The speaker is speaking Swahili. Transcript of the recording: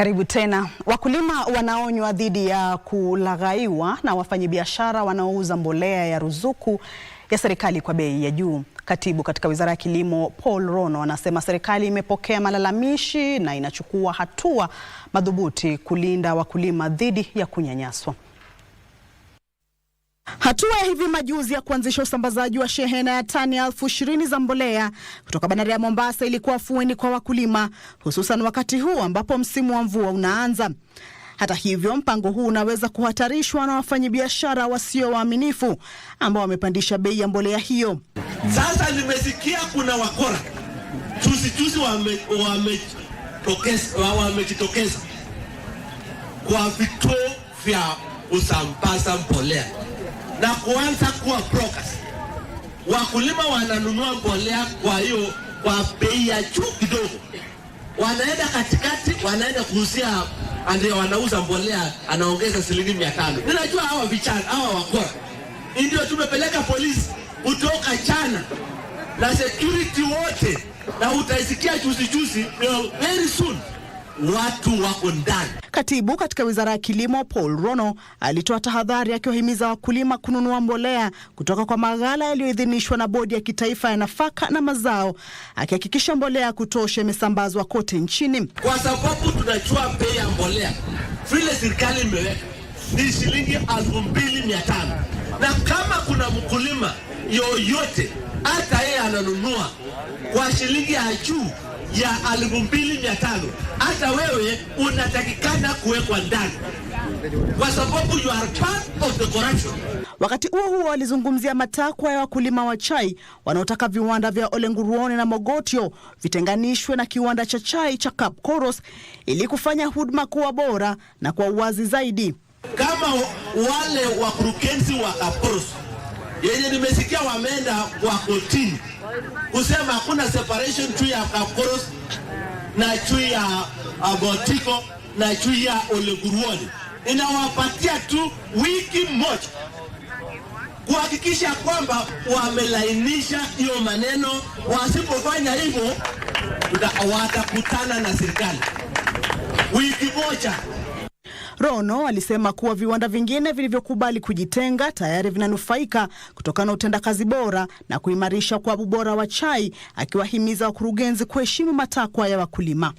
Karibu tena. Wakulima wanaonywa dhidi ya kulaghaiwa na wafanyabiashara wanaouza mbolea ya ruzuku ya serikali kwa bei ya juu. Katibu katika Wizara ya Kilimo Paul Rono anasema serikali imepokea malalamishi na inachukua hatua madhubuti kulinda wakulima dhidi ya kunyanyaswa. Hatua ya hivi majuzi ya kuanzisha usambazaji wa shehena ya tani elfu ishirini za mbolea kutoka bandari ya Mombasa ilikuwa afueni kwa wakulima, hususan wakati huu ambapo msimu wa mvua unaanza. Hata hivyo, mpango huu unaweza kuhatarishwa na wafanyabiashara wasio waaminifu ambao wamepandisha bei ya mbolea hiyo. Sasa nimesikia kuna wakora juzi wame, wamejitokeza kwa vituo vya kusambaza mbolea na kuanza kuwa brokers. Wakulima wananunua mbolea kwa hiyo kwa bei ya juu kidogo, wanaenda katikati, wanaenda kuuzia, ndio wanauza mbolea, anaongeza shilingi mia tano. Ninajua hawa vichana hawa wakora, ndio tumepeleka polisi kutoka chana na security wote, na utaisikia juzi juzi, very soon watu wako ndani Katibu katika wizara ya kilimo Paul Rono alitoa tahadhari akiwahimiza wakulima kununua mbolea kutoka kwa maghala yaliyoidhinishwa na Bodi ya Kitaifa ya Nafaka na Mazao, akihakikisha mbolea ya kutosha imesambazwa kote nchini, kwa sababu tunajua bei ya mbolea vile serikali imeweka ni shilingi elfu mbili mia tano na kama kuna mkulima yoyote hata yeye ananunua kwa shilingi ya juu ya elfu mbili mia tano hata wewe unatakikana kuwekwa ndani kwa sababu you are part of the corruption. Wakati huo huo walizungumzia matakwa ya wakulima wa chai wanaotaka viwanda vya Olenguruone na Mogotio vitenganishwe na kiwanda cha chai cha Kapkoros ili kufanya huduma kuwa bora na kwa uwazi zaidi. Kama wale wakurugenzi wa Kapkoros yenye nimesikia wameenda kwa kotini kusema hakuna separation chui ya Kakoros na chui ya Botiko na chui ya Oleguruoni. Inawapatia tu wiki moja kuhakikisha kwamba wamelainisha hiyo maneno. Wasipofanya hivyo, watakutana na serikali wiki moja. Rono alisema kuwa viwanda vingine vilivyokubali kujitenga tayari vinanufaika kutokana na utendakazi bora na kuimarisha kwa ubora wa chai, akiwahimiza wakurugenzi kuheshimu matakwa ya wakulima.